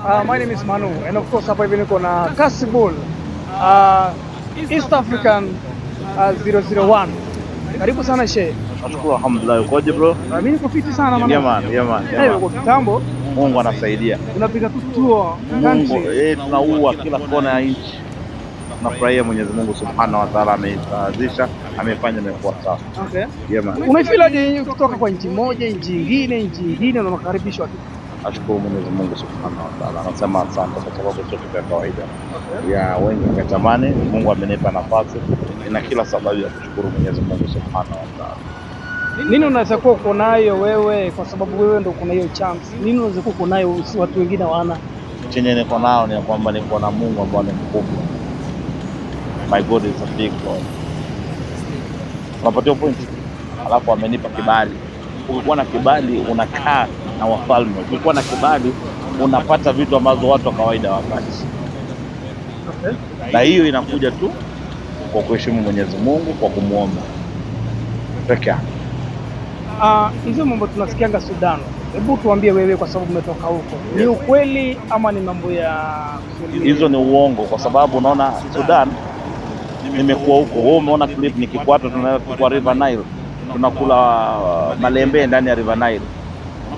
Uh, my name is Manu and of course hapa hivi niko na Kasibul uh, ah, East African uh, ah, 001. Karibu sana she. Nashukuru alhamdulillah. Ukoje bro? Uh, mimi niko fiti sana mama. Yeah man, yeah man. Yeah, hey, kwa kitambo Mungu anasaidia. Tunapiga tutua Mungu, eh tunaua kila kona ya nchi. Nafurahia Mwenyezi Mungu Subhanahu wa Ta'ala ameitaazisha, amefanya imekuwa sawa. Okay. Yeah man. Unaifeel kutoka kwa nchi moja, nchi nyingine, nchi nyingine na unakaribishwa Ashukuru Mwenyezi Mungu subhanahu wa taala, anasema asante kwa sababu sote vya kawaida ya wengi katamani. Mungu amenipa nafasi, ina kila sababu ya kushukuru Mwenyezi Mungu subhanahu wa taala. Nini unaweza kuwa uko nayo wewe, kwa sababu wewe ndio uko na hiyo chance? Nini unaweza kuwa uko nayo watu wengine hawana? Chenye niko nayo ni kwamba niko na Mungu ambaye ni mkubwa. My God is a big God. Unapatia point, alafu amenipa kibali. Ukikuwa na kibali unakaa na wafalme. Ukikuwa na kibali unapata vitu ambazo watu wa kawaida hawapati, na hiyo inakuja tu kwa kuheshimu Mwenyezi Mungu, kwa kumwomba peke yake. Ah, hizo uh, mambo tunasikianga Sudan. Hebu tuambie wewe, kwa sababu umetoka huko, ni ukweli ama ni mambo ya hizo? Ni uongo, kwa sababu unaona Sudan, nimekuwa huko. Wewe umeona clip nikikwata, kwa River Nile, tunakula ah, malembe ndani ya River Nile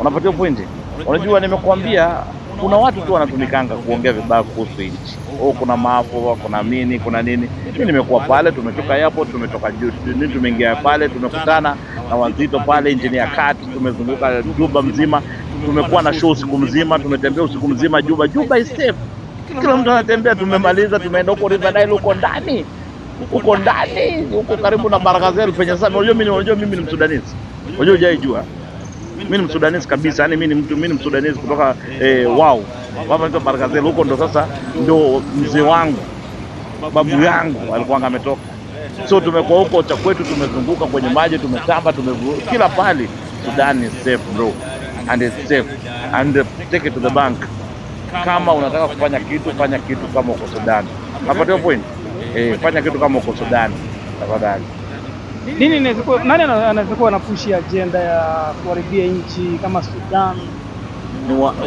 unapatiwa pointi. Unajua, nimekuambia kuna watu tu wanatumikanga kuongea vibaya kuhusu nchi. Oh, kuna maafu, kuna nini, kuna nini. Mimi nimekuwa pale, tumetoka hapo, tumetoka juu, tumeingia pale, tumekutana na Wanzito pale Injinia Kati, tumezunguka Juba mzima, tumekuwa na show usiku mzima, tumetembea usiku mzima Juba. Juba is safe, kila mtu anatembea. Tumemaliza, tumeenda huko River Nile, huko ndani, huko ndani, huko karibu na Baraka penye sasa. Unajua mimi, mimi ni Msudanisi, unajua hujaijua mimi ni Msudanese kabisa, yani mimi ni mtu, mimi ni Msudanese kutoka eh, wao wanaitwa Barkazel huko, ndo sasa ndo mzee wangu babu yangu alikuwa ametoka. So tumekuwa huko cha kwetu, tumezunguka kwenye maji, tumetamba, tumevu kila pale. Sudan is safe bro and it's safe and take it to the bank. Kama unataka kufanya kitu, fanya kitu kama uko Sudan. Hapo ndio point eh, fanya kitu kama uko Sudan tafadhali nini, nani anaweza kuwa anapushi ajenda ya kuharibia nchi kama Sudan?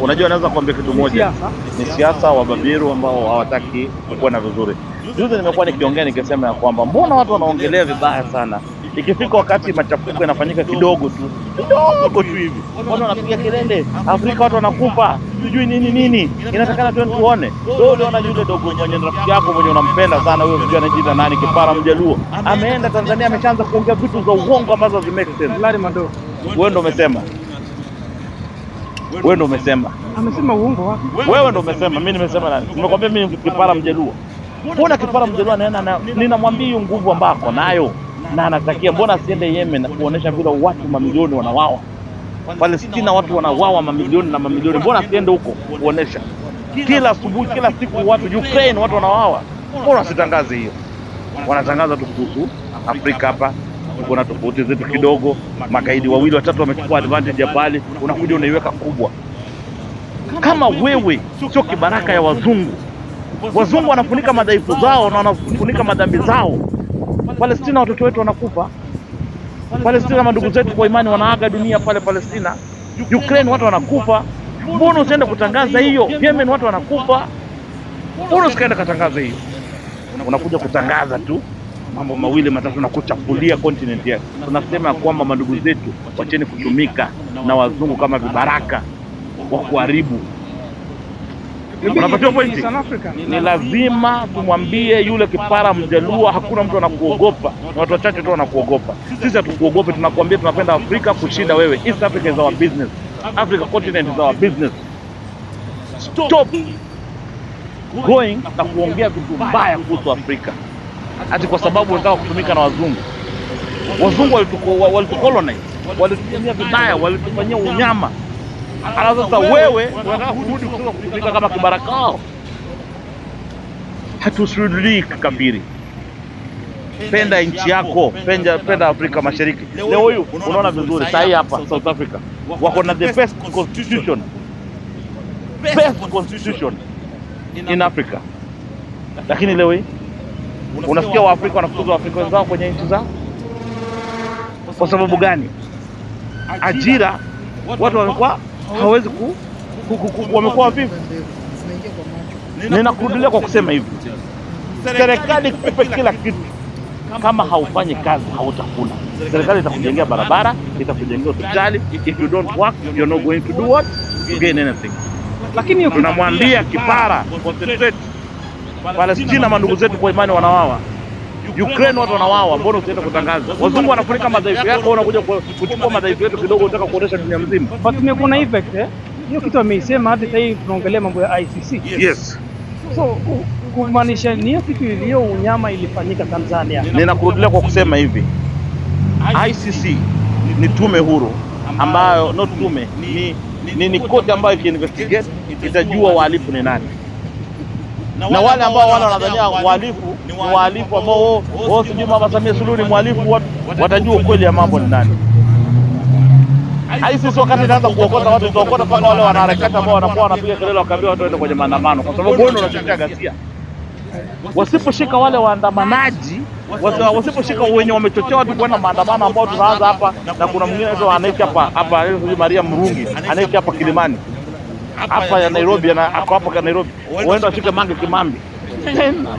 Unajua, anaweza kuambia kitu moja, ni siasa wababiru ambao hawataki kuwa na vizuri. Juzi nimekuwa nikiongea nikisema ya kwamba mbona watu wanaongelea vibaya sana Ikifika wakati machafuko yanafanyika kidogo tu kidogo tu hivi, watu wanapiga kelele, Afrika watu wanakufa, sijui nini nini, inatakana tuone tuone. Wewe yule dogo mwenye rafiki yako mwenye unampenda sana wewe, mjua anajiita nani, kipara mjaluo, ameenda Tanzania, ameshaanza kuongea vitu za uongo ambazo hazimake sense. Lari Wewe ndo umesema wewe ndo umesema, amesema uongo wapi? Wewe ndo umesema. Mimi nimesema nani? Nimekwambia mimi kipara mjaluo. Mbona kipara mjaluo anaenda, ninamwambia hiyo nguvu ambako nayo na anatakia, mbona asiende Yemen na kuonesha vile watu mamilioni wanawawa Palestina, watu wanawawa mamilioni na mamilioni, mbona asiende huko kuonesha kila asubuhi, kila siku watu Ukraine watu wanawawa, mbona wasitangaze hiyo? Wanatangaza tu kuhusu Afrika hapa tuko na tofauti zetu kidogo, magaidi wawili watatu wamechukua advantage ya pale, unakuja unaiweka kubwa. Kama wewe sio kibaraka ya wazungu, wazungu wanafunika madhaifu zao na wanafunika madhambi zao Palestina watoto wetu wanakufa Palestina, madugu zetu kwa imani wanaaga dunia pale Palestina. Ukraine watu wanakufa, mbona usiende kutangaza hiyo? Yemen watu wanakufa, mbona usikaenda katangaza hiyo? Unakuja kutangaza tu mambo mawili matatu na kuchafulia kontinenti yetu. Tunasema ya kwamba madugu zetu wacheni kutumika na wazungu kama vibaraka wa kuharibu unapatiwa pointi. Ni lazima tumwambie yule kipara mjalua, hakuna mtu anakuogopa, ni watu wachache tu wanakuogopa. Sisi hatukuogopi, tunakuambia tunapenda Afrika kushinda wewe. East Africa is our business, Africa continent is our business. Stop going na kuongea vitu mbaya kuhusu Afrika ati kwa sababu unataka kutumika na wazungu. Wazungu walitukolonize, walitumia vibaya, walitufanyia unyama. Sasa wewe wanahudi kutoka kutumika kama kibarakao, hatusirudii kikambiri. Penda nchi yako, penda, penda Afrika Mashariki. Leo huyu unaona vizuri saa hapa South Africa wako na the best constitution, best constitution in Africa, lakini leo hii unasikia Waafrika wanafukuzwa Waafrika wenzao kwenye nchi zao. Kwa sababu gani? Ajira watu wamekuwa hawezi ku, ku, ku, ku, wamekuwa vipi? Ninakurudilia kwa kusema hivi, serikali kupe kila kitu kama haufanyi kazi hautakula Serikali itakujengea barabara, itakujengea hospitali. If you don't work you're not going to do what to gain anything. Lakini tunamwambia kipara, concentrate Palestina, mandugu zetu kwa imani wanawawa Ukraine watu wanawawa, mbona usiende kutangaza? Wazungu wanafunika madhaifu yako, unakuja kuchukua madhaifu yetu kidogo, unataka kuonesha dunia mzima. But tumekuwa na effect eh, hiyo kitu ameisema. Hata sasa hivi tunaongelea mambo ya ICC, yes so kumaanisha ni hiyo kitu iliyo unyama ilifanyika Tanzania. Ninakurudia kwa kusema hivi, ICC ni tume huru ambayo, not tume, ni ni, ni koti ambayo ikiinvestigate itajua wahalifu ni nani na wale ambao wana wanadhania wahalifu ni wahalifu ambao wao sijui Mama Samia Suluhu ni mhalifu, watajua ukweli ya mambo ni nani. Hai, sisi wakati inaanza kuokota watu tutaokota mpaka wale wanaharakati ambao wanakuwa wanapiga kelele wakaambia watu waende kwenye maandamano, kwa sababu wewe unachochea ghasia. Wasiposhika wale waandamanaji, wasiposhika wenye wamechochea watu kuenda maandamano ambao tunaanza hapa, na kuna mwingine anaitwa hapa hapa Maria Murungi anaitwa hapa Kilimani hapa ya Nairobi ako kwa Nairobi, uende afike Mange Kimambi.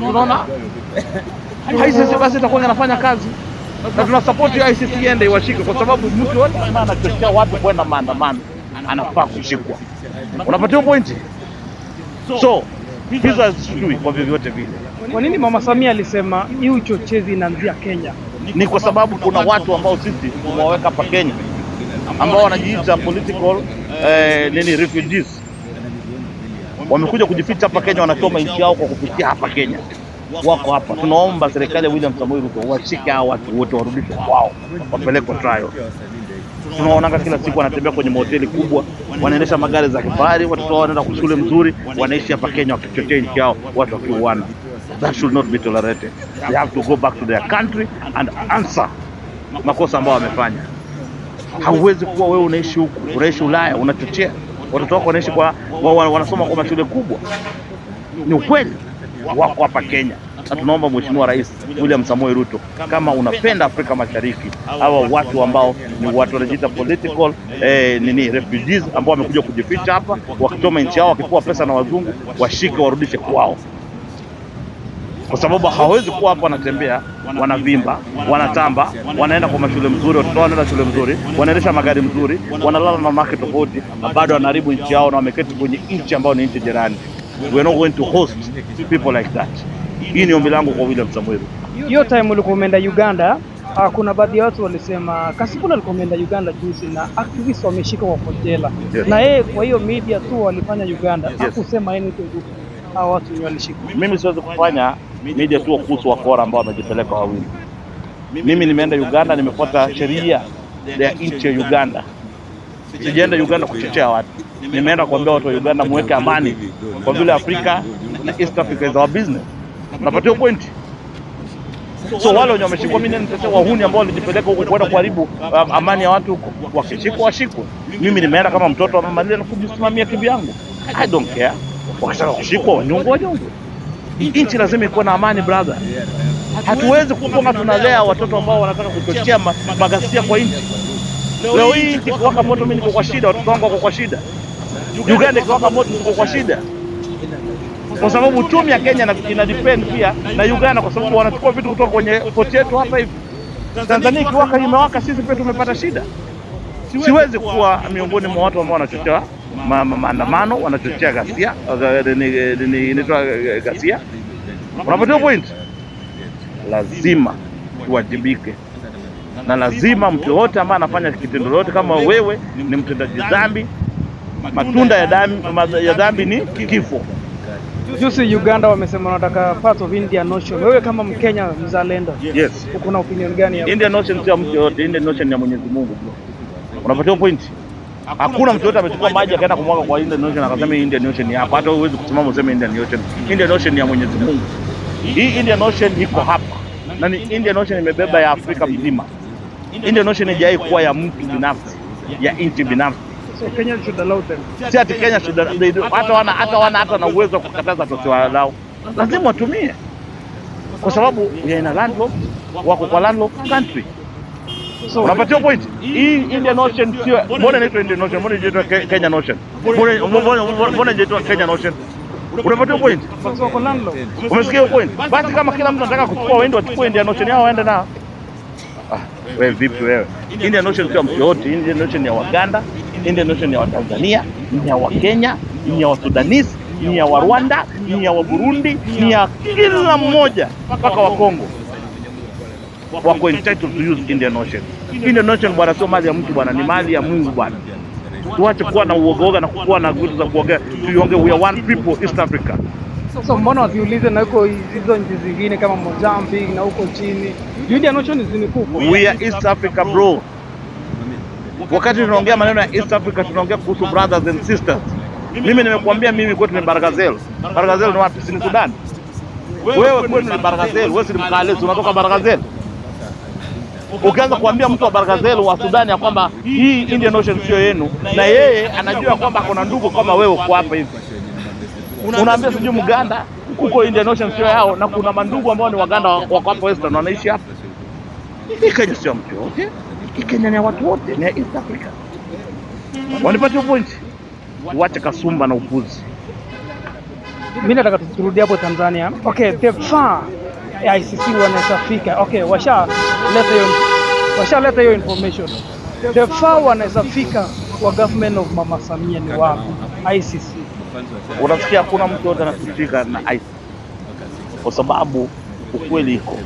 Unaona ICC basi itakuwa inafanya kazi na tuna support ICC iende iwashike, kwa sababu mtu yote ambaye anachochea watu kwenda maandamano anafaa kushikwa. Unapatiwa pointi. So hizo hazisudui kwa vyovyote vile. Kwa nini Mama Samia alisema hii uchochezi inaanzia Kenya? Ni kwa sababu kuna watu ambao sisi tumewaweka hapa Kenya ambao wanajiita political eh, nini refugees wamekuja kujificha hapa Kenya, wanatoa maisha yao kwa kupitia hapa Kenya, wako hapa. Tunaomba serikali ya William Samoei Ruto washike hao watu wote, warudishwe kwao, wapelekwe trial. Tunaonanga kila siku wanatembea kwenye mahoteli kubwa, wanaendesha magari za kifahari, watoto wao wanaenda shule mzuri, wanaishi hapa Kenya wakichochea nchi yao, watu wakiuana. That should not be tolerated. They have to go back to their country and answer makosa ambayo wamefanya. Hauwezi kuwa wewe unaishi huku, unaishi Ulaya, unachochea watoto wako wanaishi kwa wanasoma kwa mashule kubwa. Ni ukweli wako hapa Kenya, na tunaomba Mheshimiwa Rais William Samoei Ruto, kama unapenda Afrika Mashariki, hawa watu ambao ni watu wanajiita political eh, nini refugees ambao wamekuja kujificha hapa, wakichoma nchi yao, wakipua pesa na wazungu, washike warudishe kwao kwa sababu hawezi kuwa hapo, wanatembea wanavimba, wanatamba, wanaenda kwa mashule mzuri, watoto wanaenda shule mzuri, wanaendesha magari mzuri, wanalala na wanawake tofauti, na bado wanaharibu nchi yao, na wameketi kwenye nchi ambayo ni nchi jirani. We are not going to host people like that. Hii ni ombi langu kwa William Samuel. Hiyo time ulikuwa umeenda Uganda, ah, kuna baadhi ya watu walisema Kasipul alikuwa ameenda Uganda juzi na activists wameshika kwa jela, yes. na yeye kwa hiyo media tu walifanya Uganda, yes. akusema anything, hao ah, watu walishika. Mimi siwezi kufanya nije tu kuhusu wakora ambao wamejipeleka wawili. Mimi nimeenda Uganda, nimefuata sheria ya nchi ya Uganda. Sijaenda Uganda kuchochea watu, nimeenda kuambia watu wa Uganda muweke amani, kwa vile Afrika na East Africa is our business. Napatia pointi. So wale wenye wameshikwa, mimi nitetea wahuni ambao walijipeleka huko kwenda kuharibu um, amani ya watu huko, wakishikwa washikwe. Mimi nimeenda kama mtoto wa mama, nile na kujisimamia kivyangu. I don't care. Wakitaka kushikwa wanyongwe, wanyongwe. Nchi lazima ikuwa na amani brother. Hatuwezi kufunga, tunalea watoto ambao wanataka kuchochea magasia kwa nchi. Leo hii nchi ikiwaka moto, mimi niko kwa shida, watoto wangu wako kwa shida. Uganda ikiwaka moto, tuko kwa shida, kwa sababu uchumi ya Kenya ina depend pia na Uganda, kwa sababu wanachukua vitu kutoka kwenye poti yetu hapa hivi. Tanzania ikiwaka imewaka, sisi pia tumepata shida. Siwezi kuwa miongoni mwa watu ambao wanachochea ma, ma, maandamano, wanachochea ghasia, eh, eh, inaitwa eh, ghasia. Unapatia point, lazima tuwajibike na lazima mtu yoyote ambaye anafanya kitendo lolote, kama wewe ni mtendaji dhambi, matunda ya dhambi, ya dhambi ni kifo. Juzi Uganda wamesema wanataka part of Indian Ocean. Wewe kama Mkenya mzalendo, yes, uko na opinion gani Indian Ocean? Sio mtu yoyote, Indian Ocean ni ya Mwenyezi Mungu. Unapatia point. Hakuna mtu yote amechukua maji akaenda kumwaga kwa Indian Ocean akasema Indian Ocean ni hapa. Hata huwezi kusimama useme Indian Ocean. Indian Ocean ni ya Mwenyezi Mungu. Hii Indian Ocean iko hapa na ni Indian Ocean imebeba ya Afrika mzima. Indian Ocean haijai kuwa ya mtu binafsi, ya nchi binafsi. Kenya should allow them. Si ati Kenya should hata wana hata wana hata na uwezo wa kukataza tosiwalao, lazima watumie kwa sababu ya ina landlord, wako kwa landlord country unapatiwa point hii. Indian Ocean sio, mbona inaitwa Indian Ocean? Mbona inaitwa Kenya Ocean? Mbona inaitwa Kenya Ocean? Unapatiwa point, umesikia hiyo point? Basi kama kila mtu anataka kuchukua, waende wachukue Indian Ocean yao waende Ah, Wewe vipi wewe? Indian Ocean sio mtu yote. Indian Ocean ni ya Waganda, Indian Ocean ni ya Watanzania, ni ya Wakenya, ni ya Wasudanese, ni ya Warwanda, ni ya Waburundi, ni ya kila mmoja mpaka Kongo wako entitled to use Indian Ocean. Indian Ocean bwana, sio mali ya mtu bwana, ni mali ya Mungu bwana. Tuache kuwa na uogaoga na kuwa na vitu za kuogea, tuiongee we are one people East Africa. So mbona wasiulize na huko hizo nchi zingine kama Mozambique na huko chini? Indian Ocean zimekufa. We are East Africa bro. Wakati tunaongea maneno ya East Africa tunaongea kuhusu brothers and sisters. Mimi nimekuambia mimi kwetu ni Baragazel. Baragazel ni wapi? Ni Sudan. Wewe kwetu ni Baragazel, wewe si Mkalesu, unatoka Baragazel ukianza kuambia mtu wa zenu wa Sudani ya kwamba hii Indian Ocean sio yenu, na yeye anajua kwamba kuna ndugu kama wewe uko hapa hivi, unaambia sijui Mganda huko Indian Ocean sio yao, na kuna mandugu ambao ni Waganda wako hapo Western wanaishi hapa. Hii Kenya sio mtu yote, hii Kenya ni watu wote, ni East Africa. Wanipatie point, wacha kasumba na upuzi. Mimi nataka turudi hapo Tanzania. Okay, the far ICC wanashafika. Okay, washa washaleta hiyo washaleta hiyo information. The FAW wanaweza fika wa government of Mama Samia ni wapi? ICC. Unasikia hakuna mtu yote anafitika na ICC kwa sababu ukweli iko,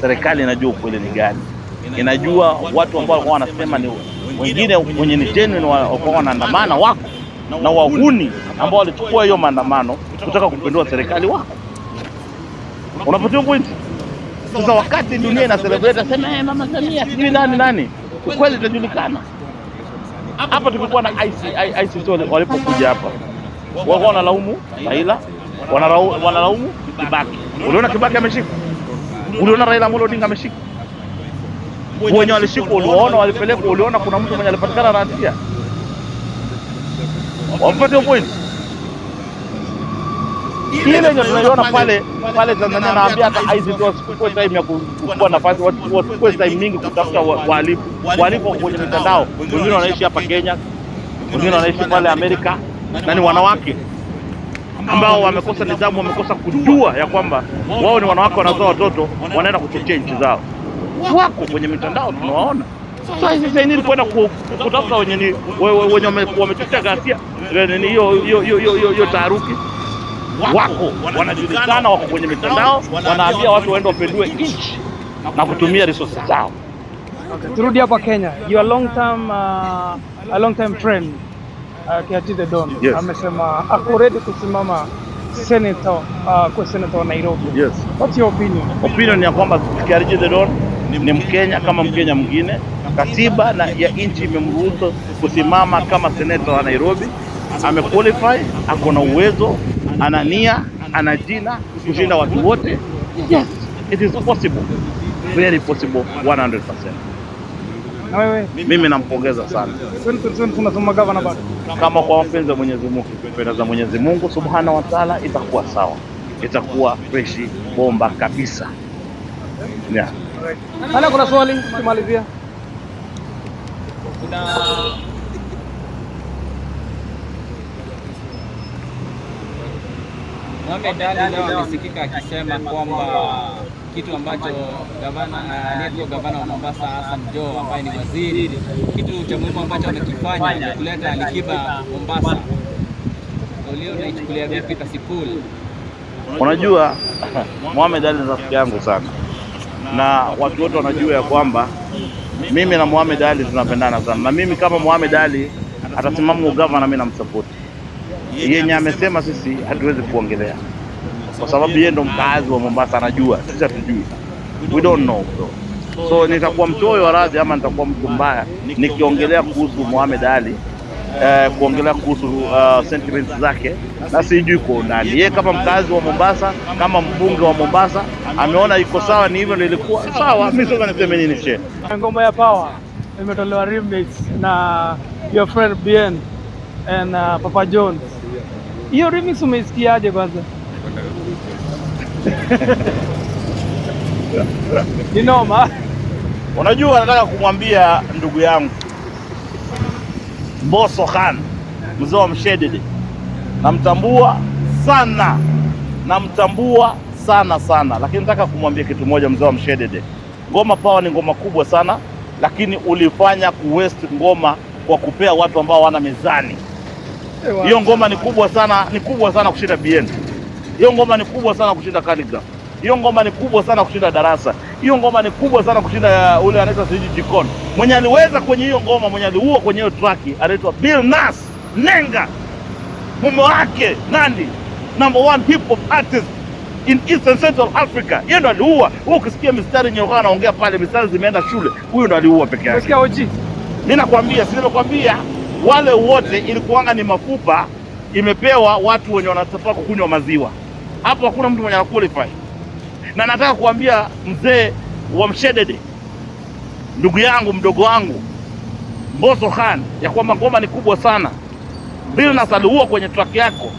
serikali inajua ukweli ni gani, inajua watu ambao walikuwa wanasema ni wengine wenye ni genuine walikuwa wanaandamana wako na wahuni ambao walichukua hiyo maandamano kutaka kupindua serikali wako. Unapatiwa pointi. Sasa wakati dunia ina celebrate sema eh, mama Samia sijui nani nani, ukweli utajulikana hapa. Tulikuwa na ICC walipokuja hapa, wao wanalaumu Raila, wanalaumu Kibaki. Uliona Kibaki ameshika? Uliona Raila Amolo Odinga ameshika? Wenye walishikwa uliona, walipelekwa, uliona kuna mtu mwenye alipatikana na hatia? Wapate point ile yenye tunaiona pale pale Tanzania, naambia hata ICT wasichukue time ya kuchukua nafasi, wasichukue time mingi kutafuta walifu Wahalifu kwenye mitandao, wengine wanaishi hapa Kenya, wengine wanaishi pale Amerika, na ni wanawake ambao wamekosa nidhamu, wamekosa kujua ya kwamba wao ni wanawake, wanazoa watoto, wanaenda kuchochea nchi zao, wako kwenye mitandao, tunawaona sasainili kwenda kutafuta wenye wamechochea ghasia, hiyo taharuki wako wanajulikana, wako kwenye mitandao, wanaambia watu waende wapendue nchi na kutumia resources zao. Okay, turudi hapa Kenya. You are long term, uh, a long term friend uh, the Don yes, amesema ako ready kusimama senator uh, kwa senator wa Nairobi. Yes. What's your opinion? Opinion ya kwamba the Don ni Mkenya kama Mkenya mwingine. Katiba na ya nchi imemruhusu kusimama kama senator wa Nairobi. Amequalify, ako na uwezo ana nia, ana jina kushinda watu wote. Yes, it is possible, very possible 100%. Na wewe mimi nampongeza sana kama kwa mapenzi ya Mwenyezi Mungu, penda za Mwenyezi Mungu Subhanahu wa Ta'ala, itakuwa sawa, itakuwa freshi bomba kabisa. Yeah. kuna swali kumalizia? Kuna Mohamed Ali leo amesikika akisema kwamba kitu ambacho gavana aliyekuwa gavana wa Mombasa Hassan Joho ambaye ni waziri, kitu cha muhimu ambacho amekifanya ni kuleta Alikiba Mombasa. Leo naichukulia vipi Kasipul? Unajua, Mohamed Ali ni rafiki yangu sana, na watu wote wanajua ya kwamba mimi na Mohamed Ali tunapendana sana, na mimi kama Mohamed Ali atasimama ugavana, mimi namsapoti yenye amesema sisi hatuwezi kuongelea kwa sababu yeye ndo mkaazi wa Mombasa, anajua sisi hatujui, we don't know bro. So nitakuwa mtoyo wa radhi ama nitakuwa mtu mbaya nikiongelea kuhusu Mohamed Ali eh, kuongelea kuhusu uh, sentiments zake na sijui kwa undani. Yeye kama mkazi wa Mombasa, kama mbunge wa Mombasa, ameona iko sawa, ni hivyo ilikuwa sawa. Mimi sasa niseme nini? She ngoma ya power imetolewa remix na your friend Bien and uh, Papa Jones hiyo remix umeisikiaje kwanza? Ni noma. Unajua, nataka kumwambia ndugu yangu Mbosso Khan, mzee wa Mshedede, namtambua sana, namtambua sana sana, lakini nataka kumwambia kitu moja. Mzee wa Mshedede, ngoma pawa ni ngoma kubwa sana, lakini ulifanya kuwest ngoma kwa kupea watu ambao wana mezani hiyo ngoma ni kubwa sana, ni kubwa sana kushinda BN. Hiyo ngoma ni kubwa sana kushinda Khaligraph. Hiyo ngoma ni kubwa sana kushinda darasa. Hiyo ngoma ni kubwa sana kushinda uh, ule anaitwa Siji Jikon. Mwenye aliweza kwenye hiyo ngoma, mwenye aliua kwenye hiyo track anaitwa Bill Nas Nenga, mume wake nani? number one hip hop artist in and Central Africa. Yeye ndo aliua. Wewe ukisikia mistari nyoka anaongea pale, mistari zimeenda shule. Huyu ndo aliua peke yake. Mimi nakwambia, si nimekwambia wale wote ilikuwanga ni mafupa imepewa watu wenye wanatafuta kunywa maziwa. Hapo hakuna mtu mwenye anaqualify, na nataka kuambia mzee wa Mshedede, ndugu yangu, mdogo wangu Mbosso Khan, ya kwamba ngoma ni kubwa sana. Billnass aliua kwenye track yako.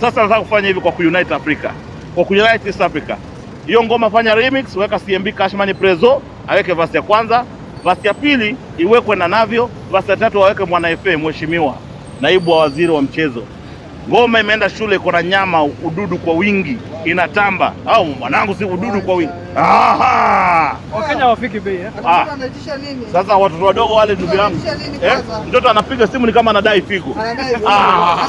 Sasa nataka kufanya hivi kwa kuunite Africa, kwa kuunite East Africa. Hiyo ngoma fanya remix, weka CMB Cash Money Prezo aweke verse ya kwanza basi ya pili iwekwe na navyo, basi ya tatu waweke mwana FA, mheshimiwa naibu wa waziri wa mchezo. Ngoma imeenda shule, iko na nyama ududu kwa wingi, inatamba au mwanangu, si ududu kwa wingi. Aha, Wakenya wafiki bei eh? Ah. Sasa watoto wadogo wale, ndugu yangu, eh, mtoto anapiga simu ni kama anadai figo. Ah.